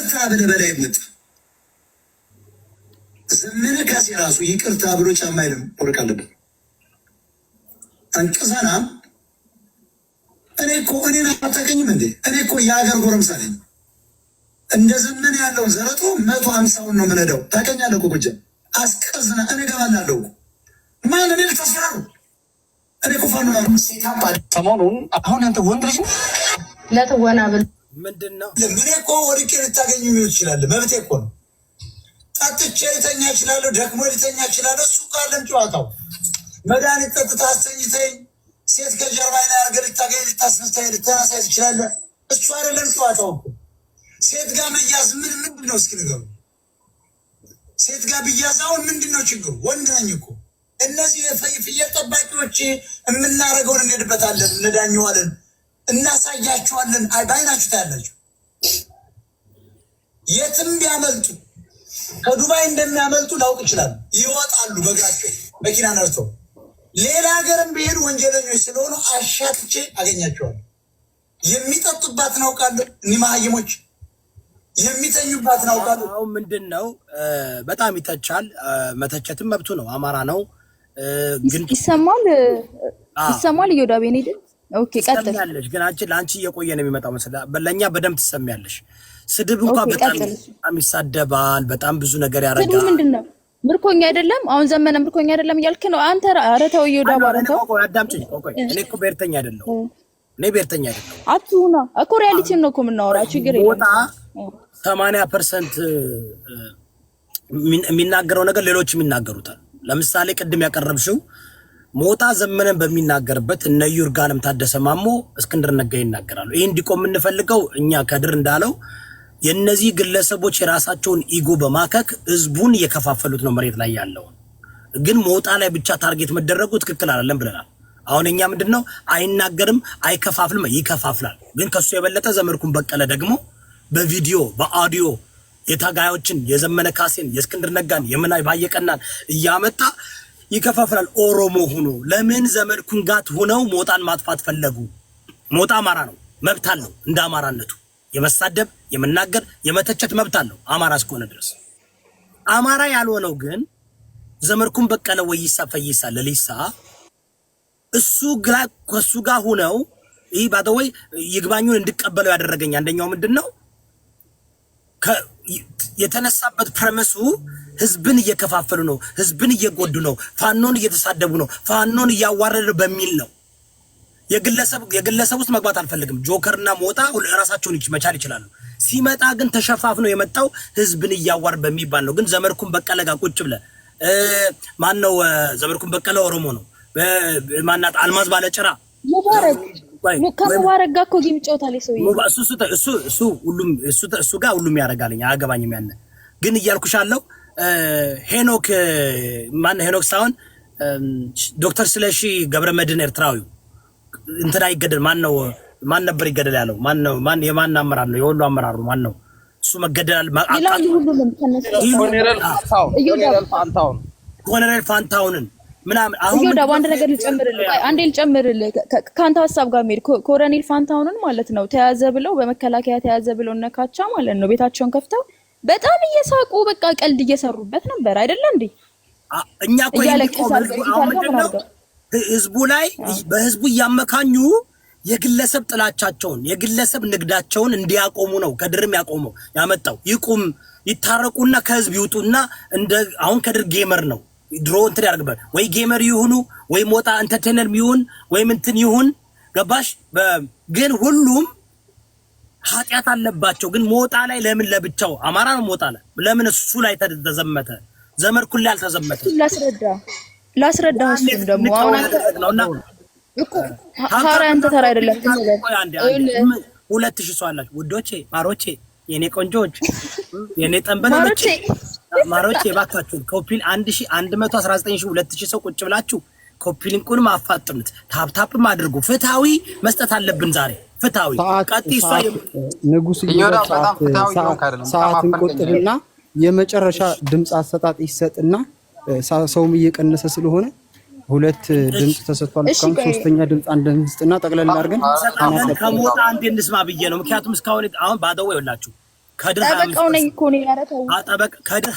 ይቅርታ ብለህ በላይ መጣ ዘመነ ካሴ ራሱ ይቅርታ ብሎ ጫማ አይልም ወርቅ አለበት አንቅሰና እኔ እኮ እኔን አታገኝም እንዴ? እኔ እኮ የሀገር ጎረምሳ ነኝ። እንደ ዘመን ያለው ዘረጦ መቶ ሀምሳውን ነው ምለደው ታገኛለ እኮ ጎጃም አስቀዝና እኔ ገባላለው ማን እኔ ልታስፈራሩ? እኔ ኮፋኑ ሴታ ሰሞኑን አሁን አንተ ወንድ ልጅ ለትወና ብል ምንድን ነው? ምን እኮ ወድቄ ልታገኙ ይችላል። መብቴ እኮ ነው። ጠጥቼ ልተኛ እችላለሁ። ደክሞ ልተኛ እችላለሁ። እሱ ካለም ጨዋታው መድኃኒት ጠጥታ አስተኝተኝ ሴት ከጀርባ ላይ አድርገህ ልታገኝ ትችላለህ። እሱ አይደለም ጨዋታው ሴት ጋር መያዝ ምን ምንድን ነው? እስኪ ንገሩ። ሴት ጋር ብያዝ አሁን ምንድን ነው ችግሩ? ወንድ ነኝ እኮ እነዚህ የፍየል ጠባቂዎች የምናደርገውን እንሄድበታለን፣ እንዳኘዋለን እናሳያችኋለን። በአይናችሁ ታያላችሁ። የትም ቢያመልጡ ከዱባይ እንደሚያመልጡ ላውቅ ይችላሉ። ይወጣሉ በእግራቸው መኪና ነርተው። ሌላ ሀገርም ብሄድ ወንጀለኞች ስለሆኑ አሻትቼ አገኛቸዋል። የሚጠጡባት እናውቃለሁ። እኒ መሀይሞች የሚተኙባት እናውቃለሁ። አሁን ምንድን ነው በጣም ይተቻል። መተቸትም መብቱ ነው። አማራ ነው ግን ይሰማል፣ ይሰማል እየወዳቤን ሄድን ትሰሚያለሽ፣ ግን አንቺ ለአንቺ እየቆየ ነው የሚመጣው መሰለህ። ለእኛ በደንብ ትሰሚያለሽ። ስድብ እንኳ በጣም ይሳደባል፣ በጣም ብዙ ነገር ያደርጋል። ስድብ ምንድን ነው? ምርኮኛ አይደለም። አሁን ዘመነ ምርኮኛ አይደለም እያልክ ነው አንተ። ኧረ ተው እየወዳ ባረተው አዳምጪኝ። እኔ እኮ ብሔርተኛ አይደለሁ፣ እኔ ብሔርተኛ አይደለሁ። አትሁና እኮ ሪያሊቲ ነው እኮ የምናወራው። ችግር ቦታ ሰማንያ ፐርሰንት የሚናገረው ነገር ሌሎች የሚናገሩታል። ለምሳሌ ቅድም ያቀረብሽው ሞጣ ዘመነን በሚናገርበት እነ ይርጋለም ታደሰ ማሞ እስክንድር ነጋ ይናገራሉ። ይህ እንዲቆም የምንፈልገው እኛ ከድር እንዳለው የእነዚህ ግለሰቦች የራሳቸውን ኢጎ በማከክ ህዝቡን እየከፋፈሉት ነው። መሬት ላይ ያለውን ግን ሞጣ ላይ ብቻ ታርጌት መደረጉ ትክክል አይደለም ብለናል። አሁን እኛ ምንድን ነው አይናገርም፣ አይከፋፍልም። ይከፋፍላል። ግን ከሱ የበለጠ ዘመድኩን በቀለ ደግሞ በቪዲዮ በአዲዮ የታጋዮችን የዘመነ ካሴን የእስክንድር ነጋን የምናይ ባየቀናን እያመጣ ይከፋፍላል። ኦሮሞ ሆኖ ለምን ዘመድ ኩንጋት ሆነው ሞጣን ማጥፋት ፈለጉ? ሞጣ አማራ ነው፣ መብት አለው። እንደ አማራነቱ የመሳደብ የመናገር፣ የመተቸት መብት አለው አማራ እስከሆነ ድረስ። አማራ ያልሆነው ግን ዘመድኩን በቀለ ወይሳ ፈይሳ ለሊሳ እሱ ግራ ከሱ ጋር ሆነው ይህ ባተወይ ይግባኙን እንድቀበለው ያደረገኝ አንደኛው ምንድን ነው የተነሳበት ፕረመሱ ህዝብን እየከፋፈሉ ነው፣ ህዝብን እየጎዱ ነው፣ ፋኖን እየተሳደቡ ነው፣ ፋኖን እያዋረደ በሚል ነው። የግለሰብ የግለሰብ ውስጥ መግባት አልፈልግም። ጆከርና ሞጣ ራሳቸውን መቻል ይችላሉ። ሲመጣ ግን ተሸፋፍ ነው የመጣው ህዝብን እያዋር በሚባል ነው። ግን ዘመድኩን በቀለ ጋር ቁጭ ብለ ማን ነው ዘመድኩን በቀለ ኦሮሞ ነው። ማናት አልማዝ ባለጭራ ከሙባረክ ጋር እኮ ጌም ይጫወታል ሰውዬው። እሱ እሱ እሱ ሁሉም እሱ ጋር ሁሉም ያደርጋልኝ አያገባኝም። ያንን ግን እያልኩሻለሁ ሄኖክ ማን ሄኖክ ሳይሆን ዶክተር ስለሺ ገብረ ገብረመድህን ኤርትራዊው እንትና ይገደል ማን ነው ማን ነበር ይገደል ያለው ማን ነው ማን የማን አመራር ነው የወሎ አመራር ማን ነው እሱ መገደል ኮሎኔል ፋንታሁንን ምናምን አሁን ይወዳ አንድ ነገር ልጨምርልህ፣ አንዴ ልጨምርልህ ከአንተ ሀሳብ ጋር የሚሄድ ኮሎኔል ፋንታሁንን ማለት ነው ተያዘ ብለው በመከላከያ ተያዘ ብለው እነካቻ ማለት ነው ቤታቸውን ከፍተው በጣም እየሳቁ በቃ ቀልድ እየሰሩበት ነበር አይደለ እንዴ? እኛ እኮ ህዝቡ ላይ በህዝቡ እያመካኙ የግለሰብ ጥላቻቸውን የግለሰብ ንግዳቸውን እንዲያቆሙ ነው። ከድርም ያቆመው ያመጣው ይቁም፣ ይታረቁና ከህዝብ ይውጡና እንደ አሁን ከድር ጌመር ነው ድሮ እንትን ያደርግበት ወይ ጌመር ይሁኑ ወይ ሞጣ እንተርቴነር ይሁን ወይም እንትን ይሁን ገባሽ። ግን ሁሉም ኃጢአት አለባቸው። ግን ሞጣ ላይ ለምን ለብቻው አማራ ነው? ሞጣ ላይ ለምን እሱ ላይ ተዘመተ? ዘመድኩን ላይ አልተዘመተ። ላስረዳ ላስረዳ እሱም ደግሞ ሐዋርያ አንተ ተራ አይደለም። ሁለት ሺህ ሰው አላችሁ ውዶቼ፣ ማሮቼ፣ የኔ ቆንጆች፣ የኔ ጠንበሎች ማሮቼ፣ እባካችሁን ኮፒል አንድ ሺህ አንድ መቶ አስራ ዘጠኝ ሺህ ሁለት ሺህ ሰው ቁጭ ብላችሁ ኮፒ አፋጥኑት፣ ታፕታፕም አድርጉ። ፍትሃዊ መስጠት አለብን ዛሬ ፍትሃዊ ሰዓትን ቆጥብና የመጨረሻ ድምፅ አሰጣጥ ይሰጥና ሰውም እየቀነሰ ስለሆነ ሁለት ድምፅ ተሰጥቷል። እስካሁን ሶስተኛ ድምፅ አንድ እንስጥና ጠቅለል አድርገን ከሞጣ አንድ እንስማ ብዬ ነው። ምክንያቱም እስካሁን አሁን ባደወ ይላችሁ ከድር 25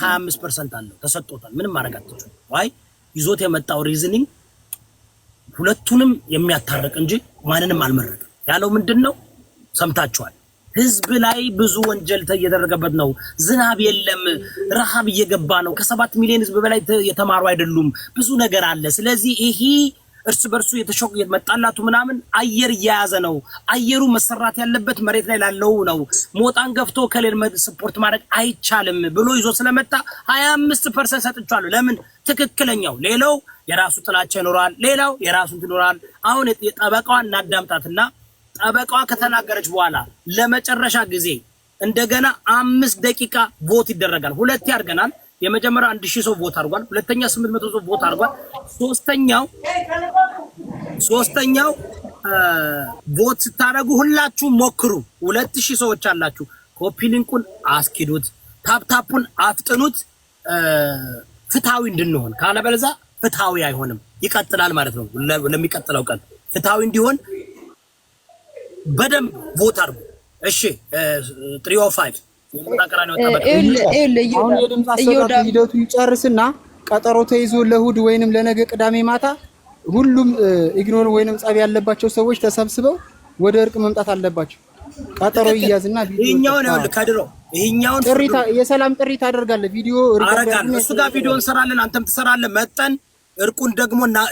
ፐርሰንት አለው ተሰጥቶታል። ምንም ማረጋግጥ ዋይ ይዞት የመጣው ሪዝኒንግ ሁለቱንም የሚያታርቅ እንጂ ማንንም አልመረጥም። ያለው ምንድን ነው? ሰምታችኋል። ህዝብ ላይ ብዙ ወንጀል እየተደረገበት ነው። ዝናብ የለም፣ ረሃብ እየገባ ነው። ከሰባት ሚሊዮን ህዝብ በላይ የተማሩ አይደሉም። ብዙ ነገር አለ። ስለዚህ ይሄ እርስ በርሱ የተሾክ መጣላቱ ምናምን አየር እየያዘ ነው። አየሩ መሰራት ያለበት መሬት ላይ ላለው ነው። ሞጣን ገፍቶ ከሌል ስፖርት ማድረግ አይቻልም ብሎ ይዞ ስለመጣ ሀያ አምስት ፐርሰንት ሰጥቻለሁ። ለምን ትክክለኛው። ሌላው የራሱ ጥላቻ ይኖራል፣ ሌላው የራሱ ይኖራል። አሁን የጠበቃዋን እናዳምጣትና ጠበቃዋ ከተናገረች በኋላ ለመጨረሻ ጊዜ እንደገና አምስት ደቂቃ ቮት ይደረጋል። ሁለት ያድርገናል የመጀመሪያው አንድ ሺህ ሰው ቮት አድርጓል። ሁለተኛ ስምንት መቶ ሰው ቮት አድርጓል። ሶስተኛው ሶስተኛው ቮት ስታደርጉ ሁላችሁ ሞክሩ። ሁለት ሺህ ሰዎች አላችሁ። ኮፒሊንኩን አስኪዱት፣ ታፕታፑን አፍጥኑት፣ ፍትሃዊ እንድንሆን ካለበለዛ ፍትሃዊ አይሆንም። ይቀጥላል ማለት ነው። ለሚቀጥለው ቀን ፍትሃዊ እንዲሆን በደንብ ቮት አድርጉ። እሺ ትሪ ኦ ፋይቭ ሂደቱ ይጨርስና ቀጠሮ ተይዞ ለእሑድ ወይንም ለነገ ቅዳሜ ማታ ሁሉም ኢግኖር ወይንም ጸብ ያለባቸው ሰዎች ተሰብስበው ወደ እርቅ መምጣት አለባቸው። ቀጠሮ ይያዝና ይሄኛውን ከድሮ ይሄኛውን ጥሪ የሰላም ጥሪ ቪዲዮ አረጋለሁ እሱ ጋር ቪዲዮ እንሰራለን፣ አንተም ትሰራለህ። መጠን እርቁን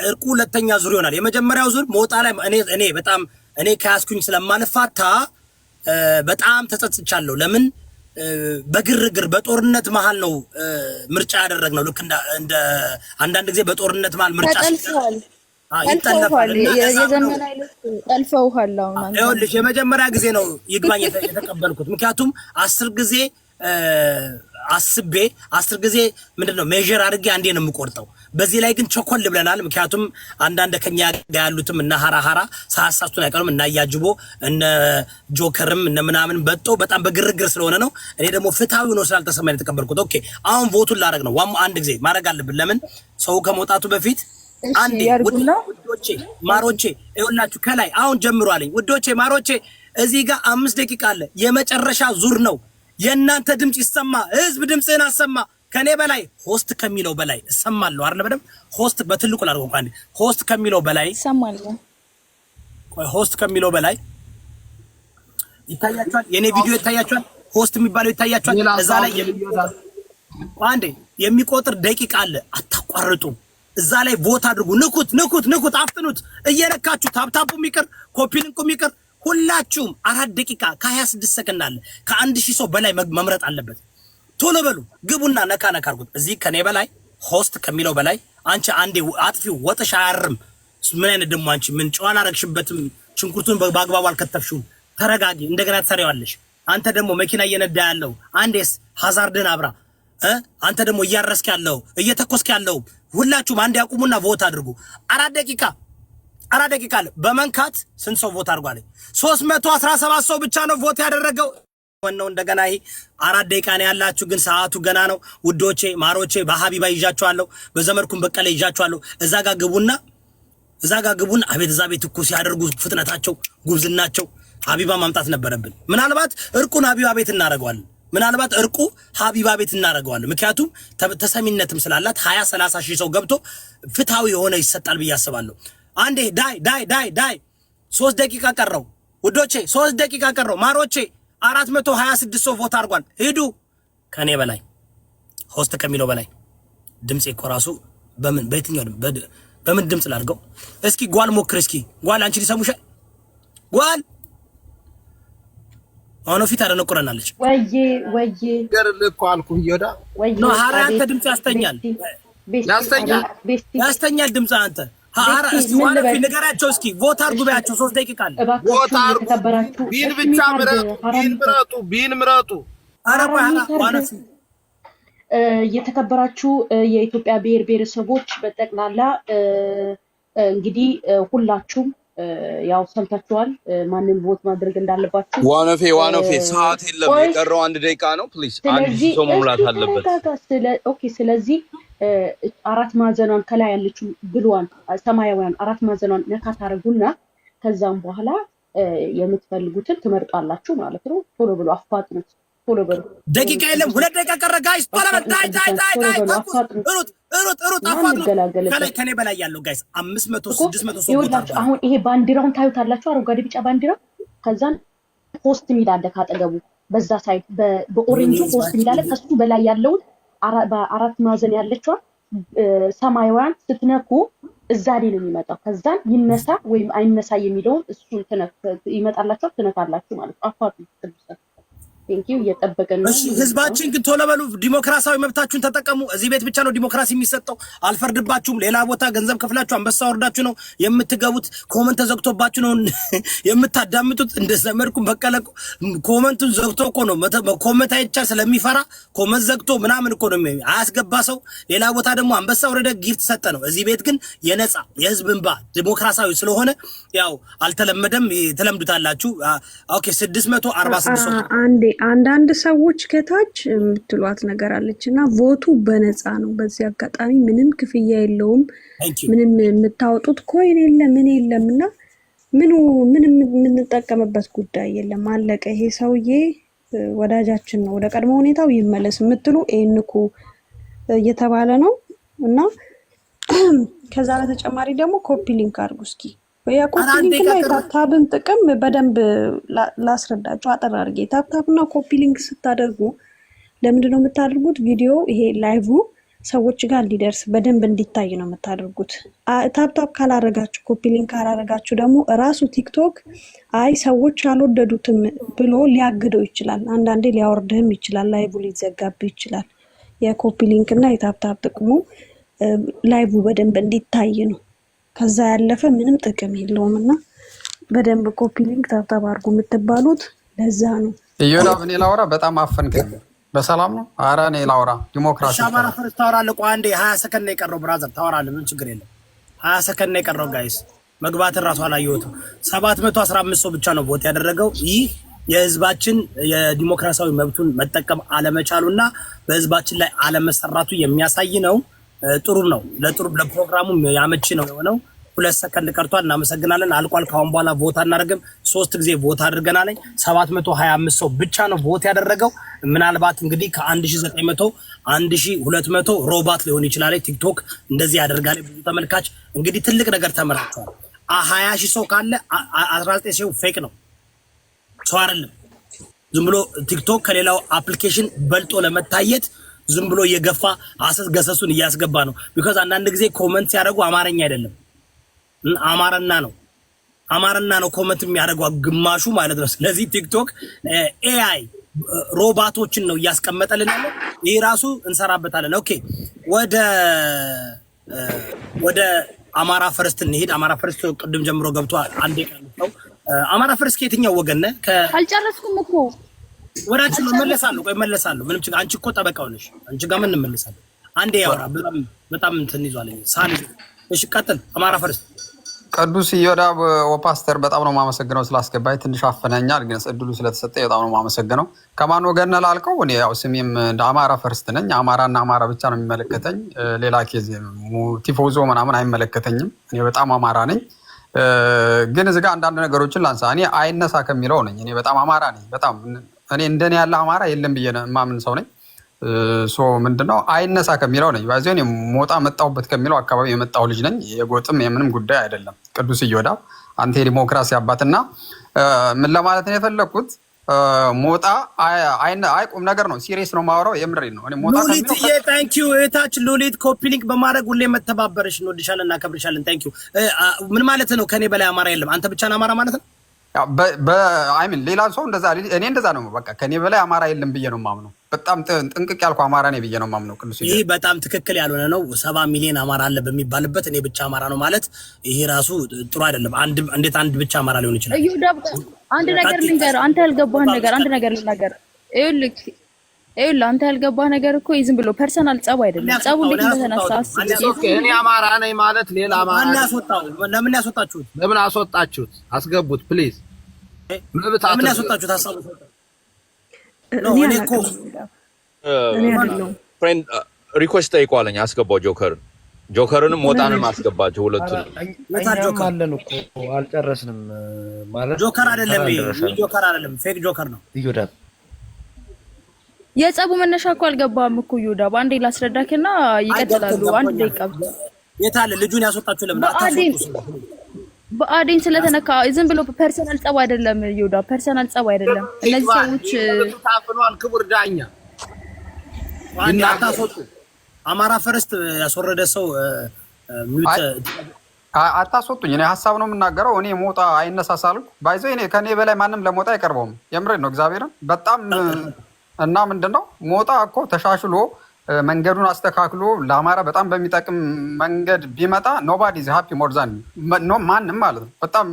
እርቁ ሁለተኛ ዙር ይሆናል። የመጀመሪያው ዙር ሞጣ ላይ እኔ እኔ በጣም እኔ ከያዝኩኝ ስለማልፋታ በጣም ተጸጽቻለሁ። ለምን በግርግር በጦርነት መሀል ነው ምርጫ ያደረግነው። ልክ እንደ አንዳንድ ጊዜ በጦርነት መሀል ምርጫ ይጠልፈዋል። የመጀመሪያ ጊዜ ነው ይግባኝ የተቀበልኩት። ምክንያቱም አስር ጊዜ አስቤ አስር ጊዜ ምንድን ነው ሜዥር አድርጌ አንዴ ነው የምቆርጠው። በዚህ ላይ ግን ቸኮል ብለናል። ምክንያቱም አንዳንድ ከኛ ያሉትም እነ ሀራሀራ ሳሳቱን አይቀሩም እና እያጅቦ እነ ጆከርም እነ ምናምን በጦ በጣም በግርግር ስለሆነ ነው። እኔ ደግሞ ፍትሐዊ ነው ስላልተሰማኝ የተቀበልኩት። ኦኬ አሁን ቮቱን ላደርግ ነው። ዋም አንድ ጊዜ ማድረግ አለብን። ለምን ሰው ከመውጣቱ በፊት አንዴ ውዶቼ ማሮቼ ይሁላችሁ ከላይ አሁን ጀምሯልኝ። ውዶቼ ማሮቼ እዚህ ጋር አምስት ደቂቃ አለ። የመጨረሻ ዙር ነው የእናንተ ድምፅ ይሰማ። ህዝብ ድምፅህን አሰማ። ከኔ በላይ ሆስት ከሚለው በላይ እሰማለሁ አይደል? በደም ሆስት በትልቁ ላርጎ እንኳን ሆስት ከሚለው በላይ እሰማለሁ። ሆስት ከሚለው በላይ ይታያችኋል። የኔ ቪዲዮ ይታያችኋል። ሆስት የሚባለው ይታያችኋል። እዛ ላይ አንዴ የሚቆጥር ደቂቃ አለ። አታቋርጡ። እዛ ላይ ቮት አድርጉ። ንኩት፣ ንኩት፣ ንኩት፣ አፍጥኑት። እየነካችሁ ታፕታፑም ይቅር ኮፒ ልንቁም ይቅር ሁላችሁም አራት ደቂቃ ከ26 ሰከንድ አለ። ከአንድ ሺህ ሰው በላይ መምረጥ አለበት። ቶሎ በሉ ግቡና ነካ ነካ አርጉት። እዚህ ከኔ በላይ ሆስት ከሚለው በላይ አንቺ አንዴ አጥፊው ወጥሽ አያርም። ምን አይነት ደግሞ አንቺ ምን ጨው አላረግሽበትም። ሽንኩርቱን በአግባቡ አልከተፍሽውም። ተረጋጊ፣ እንደገና ትሰሪዋለሽ። አንተ ደግሞ መኪና እየነዳ ያለው አንዴስ ሀዛርድን አብራ አንተ ደግሞ እያረስክ ያለው እየተኮስክ ያለው ሁላችሁም አንድ ያቁሙና ቮት አድርጉ አራት ደቂቃ አራት ደቂቃ አለ። በመንካት ስንት ሰው ቮት አድርጓል? 317 ሰው ብቻ ነው ቮት ያደረገው። ወን ነው እንደገና ይሄ አራት ደቂቃ ነው ያላችሁ፣ ግን ሰዓቱ ገና ነው ውዶቼ ማሮቼ። በሀቢባ ይዣችኋለሁ፣ በዘመድኩም በቀለ ይዣችኋለሁ። እዛ ጋ ግቡና እዛ ጋ ግቡና። አቤት እዛ ቤት እኮ ሲያደርጉ ፍጥነታቸው፣ ጉብዝናቸው። ሀቢባ ማምጣት ነበረብን። ምናልባት እርቁን ሀቢባ ቤት እናደርገዋለን። ምናልባት እርቁ ሀቢባ ቤት እናደርገዋለን። ምክንያቱም ተሰሚነትም ስላላት ሀያ ሰላሳ ሺህ ሰው ገብቶ ፍትሐዊ የሆነ ይሰጣል ብዬ አስባለሁ። አንዴ ዳይ ዳይ ዳይ ዳይ። ሶስት ደቂቃ ቀረው ውዶቼ፣ ሶስት ደቂቃ ቀረው ማሮቼ። አራት መቶ ሀያ ስድስት ሰው ቮት አድርጓል። ሂዱ ከኔ በላይ ሆስት ከሚለው በላይ ድምፅ እኮ ራሱ በምን በየትኛው በምን ድምፅ ላድርገው? እስኪ ጓል ሞክር። እስኪ ጓል አንቺን ይሰሙሻል? ጓል አሁን ፊት አደነቁረናለች። ወይ ወይ ወይዬ ገርልኮ አልኩ ይወዳ ነው። ኧረ አንተ ድምፅ ያስተኛል፣ ያስተኛል፣ ያስተኛል ድምፅ አንተ ንገራቸው እስኪ ቮት በያቸው። ሶስት ደቂቃ ቮት ቢን ብቻ ምረጡ፣ ቢን ምረጡ። የተከበራችሁ የኢትዮጵያ ብሔር ብሔረሰቦች በጠቅላላ እንግዲህ ሁላችሁም ያው ሰምታችኋል፣ ማንን ቦት ማድረግ እንዳለባችሁ። ዋነፌ ዋነፌ ሰዓት የለም የቀረው አንድ ደቂቃ ነው። ፕሊዝ አንድ ሰው መሙላት አለበት። ስለዚህ አራት ማዕዘኗን ከላይ ያለችው ብሏን ሰማያዊያን አራት ማዕዘኗን ነካ ታደርጉና ከዛም በኋላ የምትፈልጉትን ትመርጣላችሁ ማለት ነው። ቶሎ ብሎ አፋጥኑት። ቶሎ ብሎ ደቂቃ የለም፣ ሁለት ደቂቃ ቀረ። ጋይስ በላይ ያለው ጋይስ አምስት መቶ ስድስት መቶ ሰዎች አሁን ይሄ ባንዲራውን ታዩታላችሁ፣ አረንጓዴ ቢጫ ባንዲራ። ከዛን ፖስት ሚል ካጠገቡ፣ በዛ ሳይድ በኦሬንጁ ፖስት ከሱ በላይ ያለውን በአራት ማዕዘን ያለችዋን ሰማይዋን ስትነኩ እዛ ላይ ነው የሚመጣው። ከዛን ይነሳ ወይም አይነሳ የሚለውን እሱን ይመጣላቸው ትነካላችሁ ማለት ነው። አፋጡ ቅዱሳት ቴንኪው እየጠበቀ ነው። ህዝባችን ግን ቶሎ በሉ፣ ዲሞክራሲያዊ መብታችሁን ተጠቀሙ። እዚህ ቤት ብቻ ነው ዲሞክራሲ የሚሰጠው። አልፈርድባችሁም። ሌላ ቦታ ገንዘብ ከፍላችሁ አንበሳ ወርዳችሁ ነው የምትገቡት። ኮመንት ተዘግቶባችሁ ነው የምታዳምጡት። እንደ ዘመድኩን በቀለ ኮመንቱን ዘግቶ እኮ ነው ኮመንት አይቻል ስለሚፈራ ኮመንት ዘግቶ ምናምን እኮ ነው አያስገባ ሰው። ሌላ ቦታ ደግሞ አንበሳ ወረደ ጊፍት ሰጠ ነው። እዚህ ቤት ግን የነፃ የህዝብ እንባ ዲሞክራሲያዊ ስለሆነ ያው አልተለመደም። ትለምዱታላችሁ። ኦኬ ስድስት መቶ አርባ ስድስት አንዴ አንዳንድ ሰዎች ከታች የምትሏት ነገር አለች እና ቮቱ በነፃ ነው። በዚህ አጋጣሚ ምንም ክፍያ የለውም። ምንም የምታወጡት ኮይን የለ ምን የለም እና ምኑ ምንም የምንጠቀምበት ጉዳይ የለም። አለቀ። ይሄ ሰውዬ ወዳጃችን ነው፣ ወደ ቀድሞ ሁኔታው ይመለስ የምትሉ ኤንኩ እየተባለ ነው እና ከዛ በተጨማሪ ደግሞ ኮፒ ሊንክ አድርጉ እስኪ የኮፒ ሊንክ ላይ ጥቅም በደንብ ላስረዳቸው አጠር አድርጌ። ታፕታፕ ኮፒ ሊንክ ስታደርጉ ለምንድን ነው የምታደርጉት? ቪዲዮ ይሄ ላይቭ ሰዎች ጋር እንዲደርስ በደንብ እንዲታይ ነው የምታደርጉት። ታብታብ ካላረጋችሁ፣ ኮፒ ሊንክ ካላረጋችሁ ደግሞ እራሱ ቲክቶክ አይ ሰዎች አልወደዱትም ብሎ ሊያግደው ይችላል። አንዳንዴ ሊያወርድህም ይችላል። ላይቭ ሊዘጋብህ ይችላል። የኮፒ ሊንክ እና የታብታብ ጥቅሙ ላይቭ በደንብ እንዲታይ ነው። ከዛ ያለፈ ምንም ጥቅም የለውም። እና በደንብ ኮፒ ሊንክ ታብታብ አድርጉ የምትባሉት ለዛ ነው። እዮላብ እኔ ላውራ። በጣም አፈንክ። በሰላም ነው። አረ እኔ ላውራ። ዲሞክራሲ ሻማራ ፈርስ ታወራለህ። ቆይ አንዴ፣ ሀያ ሰከንድ ነው የቀረው ብራዘር፣ ታወራለህ። ምን ችግር የለም። ሀያ ሰከንድ ነው የቀረው ጋይስ። መግባትን ራሱ አላየሁትም። ሰባት መቶ አስራ አምስት ሰው ብቻ ነው ቦት ያደረገው ይህ የህዝባችን የዲሞክራሲያዊ መብቱን መጠቀም አለመቻሉ እና በህዝባችን ላይ አለመሰራቱ የሚያሳይ ነው። ጥሩ ነው። ለጥሩ ለፕሮግራሙም ያመቺ ነው የሆነው። ሁለት ሰከንድ ቀርቷል። እናመሰግናለን። አልቋል። ከአሁን በኋላ ቦታ አናደርግም። ሶስት ጊዜ ቮት አድርገናል። 725 ሰው ብቻ ነው ቮት ያደረገው። ምናልባት እንግዲህ ከ1900 1200 ሮባት ሊሆን ይችላል። ቲክቶክ እንደዚህ ያደርጋል። ብዙ ተመልካች እንግዲህ ትልቅ ነገር ተመራችኋል። 20 ሺህ ሰው ካለ 19 ሺህ ፌክ ነው ሰው አይደለም። ዝም ብሎ ቲክቶክ ከሌላው አፕሊኬሽን በልጦ ለመታየት ዝም ብሎ እየገፋ አሰስ ገሰሱን እያስገባ ነው። ቢኮዝ አንዳንድ ጊዜ ኮመንት ሲያደርጉ አማርኛ አይደለም አማርና ነው አማርና ነው ኮመንት የሚያደርጉ ግማሹ ማለት ነው። ስለዚህ ቲክቶክ ኤአይ ሮባቶችን ነው እያስቀመጠልን ያለ። ይህ ራሱ እንሰራበታለን። ኦኬ ወደ ወደ አማራ ፈርስት እንሄድ። አማራ ፈርስት ቅድም ጀምሮ ገብቷል። አንዴ ቀን አማራ ፈርስት ከየትኛው ወገን ነህ? አልጨረስኩም እኮ ወራችሁ ነው። መለሳለሁ። ቆይ መለሳለሁ። ምንም ችግር አንቺ እኮ ጠበቃው ነሽ። አንቺ ጋር ምን እንመለሳለን? አንዴ ያወራ በጣም በጣም እንትን ይዟለኝ ሳን እሺ፣ ቀጥል። አማራ ፈርስ ቅዱስ ይወዳ ወፓስተር፣ በጣም ነው የማመሰግነው ስላስገባኝ። ትንሽ አፈነኛል፣ ግን እድሉ ስለተሰጠኝ በጣም ነው የማመሰግነው። ከማን ወገን ላልከው እኔ ያው ስሜም እንደ አማራ ፈርስት ነኝ። አማራና አማራ ብቻ ነው የሚመለከተኝ። ሌላ ኬዝ ቲፎዞ ምናምን አይመለከተኝም። እኔ በጣም አማራ ነኝ። ግን እዚህ ጋር አንዳንድ ነገሮችን ላንሳ። እኔ አይነሳ ከሚለው ነኝ። እኔ በጣም አማራ ነኝ። በጣም እኔ እንደኔ ያለ አማራ የለም ብዬ ማምን ሰው ነኝ። ሶ ምንድነው አይነሳ ከሚለው ነኝ ባዚሆን ሞጣ መጣሁበት ከሚለው አካባቢ የመጣው ልጅ ነኝ። የጎጥም የምንም ጉዳይ አይደለም። ቅዱስ እየወዳ አንተ የዲሞክራሲ አባትና ምን ለማለት ነው የፈለግኩት ሞጣ አይቁም ነገር ነው። ሲሪየስ ነው ማውራው የምሬ ነው። ሉሊትዬ ታንኪዩ ሉሊት ኮፒሊንክ በማድረግ ሁሌ መተባበርሽ እንወድሻለን፣ እናከብርሻለን። ታንኪዩ ምን ማለት ነው? ከኔ በላይ አማራ የለም አንተ ብቻን አማራ ማለት ነው። በአይሚን ሌላ ሰው እንደዛ እኔ እንደዛ ነው። በቃ ከኔ በላይ አማራ የለም ብዬ ነው ማምነው። በጣም ጥንቅቅ ያልኩ አማራ ነኝ ብዬ ነው ማምነው። ቅዱስ ይህ በጣም ትክክል ያልሆነ ነው። ሰባ ሚሊዮን አማራ አለ በሚባልበት እኔ ብቻ አማራ ነው ማለት ይሄ ራሱ ጥሩ አይደለም። እንዴት አንድ ብቻ አማራ ሊሆን ይችላል? አንድ ነገር ልንገር፣ አንተ ያልገባህን ነገር አንድ ነገር ልናገር። ይኸውልህ ይኸውልህ አንተ ያልገባ ነገር እኮ ይዝም ብሎ ፐርሰናል ጸቡ አይደለም። ጸቡ እንዴት እንደተነሳ አስብ። እኔ አማራ ነኝ ማለት ሌላ አማራ ለምን ያስወጣችሁት? ለምን አስወጣችሁት? አስገቡት ፕሊዝ። መብት ለምን ያስወጣችሁት? ሀሳቡ እኔ እኮ ፍሬንድ ሪኩዌስት ጠይቋለኝ። አስገባው ጆከርን ጆከርንም ሞጣንም አስገባቸው። ሁለቱንም አለን እኮ አልጨረስንም ማለት ጆከር አይደለም፣ ጆከር አይደለም፣ ፌክ ጆከር ነው። የጸቡ መነሻ እኮ አልገባም እኮ ይሁዳ፣ አንዴ ላስረዳክና ይቀጥላሉ። አንድ ደቂቃ የታለ ልጁን ያስወጣችሁ ለምን በአዴን ስለተነካ ዝም ብሎ ፐርሰናል ጸብ አይደለም ይሁዳ፣ ፐርሰናል ጸብ አይደለም። እነዚህ ሰዎች ታፍኗል። ክቡር ዳኛ እና አታስወጡ። አማራ ፈረስት ያስወረደ ሰው ሚውት አታስወጡኝ። እኔ ሀሳብ ነው የምናገረው። እኔ ሞጣ አይነሳሳልኩ ባይዘ እኔ ከኔ በላይ ማንም ለሞጣ አይቀርበውም። የምሬን ነው እግዚአብሔርን በጣም እና ምንድነው ሞጣ እኮ ተሻሽሎ መንገዱን አስተካክሎ ለአማራ በጣም በሚጠቅም መንገድ ቢመጣ ኖባዲ ሀፒ ሞርዛን ማንም ማለት ነው በጣም